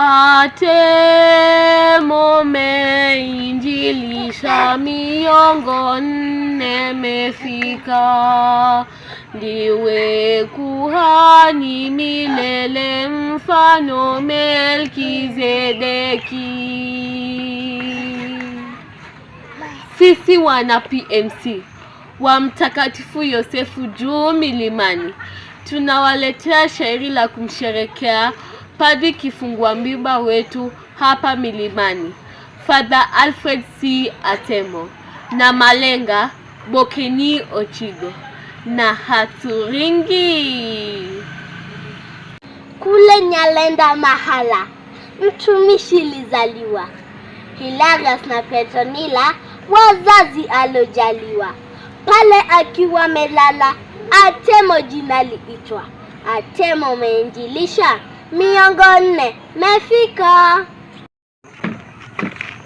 Atemo meinjilisha miongo nne mefika, ndiwe kuhani milele, mfano Melkizedeki. Sisi wana PMC wa Mtakatifu Yosefu juu milimani tunawaletea shairi la kumsherekea Padri kifungua mimba wetu hapa milimani Father Alfred C. Atemo na Malenga Bokeni Ochigo na haturingi kule Nyalenda mahala mtumishi lizaliwa hilarias na Petronila wazazi alojaliwa pale akiwa melala Atemo jina liitwa Atemo meinjilisha miongo nne mefika.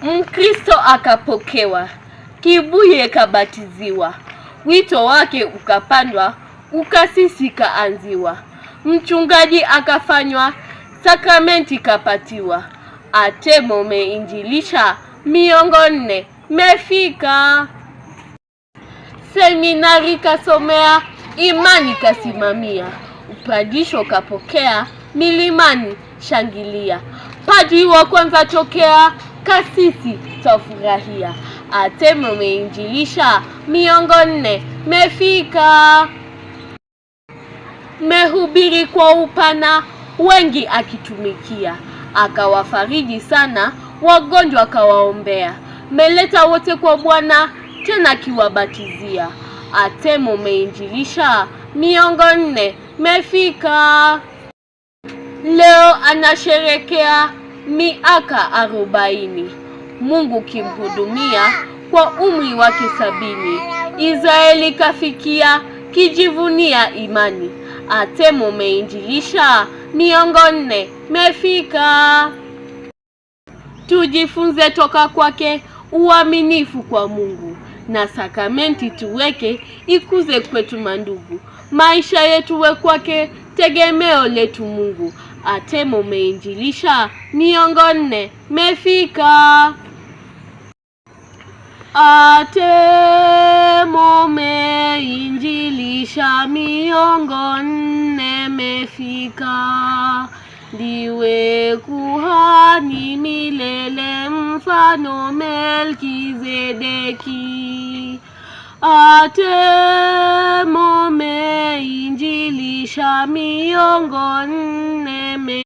Mkristo akapokewa, Kibuye kabatiziwa, wito wake ukapandwa, ukasisi kaanziwa, mchungaji akafanywa, sakramenti kapatiwa, atemo meinjilisha, miongo nne mefika. Seminari kasomea, imani kasimamia, upadisho kapokea Milimani shangilia, padri wa kwanza tokea, kasisi twafurahia, atemo meinjilisha miongo nne mefika, mehubiri kwa upana, wengi akitumikia, akawafariji sana, wagonjwa akawaombea, meleta wote kwa Bwana, tena akiwabatizia, atemu meinjilisha miongo nne mefika leo anasherekea miaka arobaini, Mungu kimhudumia kwa umri wake sabini. Israeli kafikia kijivunia imani, atemo meinjilisha miongo nne mefika. Tujifunze toka kwake uaminifu kwa Mungu na sakramenti tuweke ikuze kwetu, mandugu. Maisha yetu we kwake, tegemeo letu Mungu. Atemo umeinjilisha miongo nne mefika. Atemo umeinjilisha miongo nne mefika. Ndiwe kuhani milele mfano Melkizedeki. Atemo cha miongo nne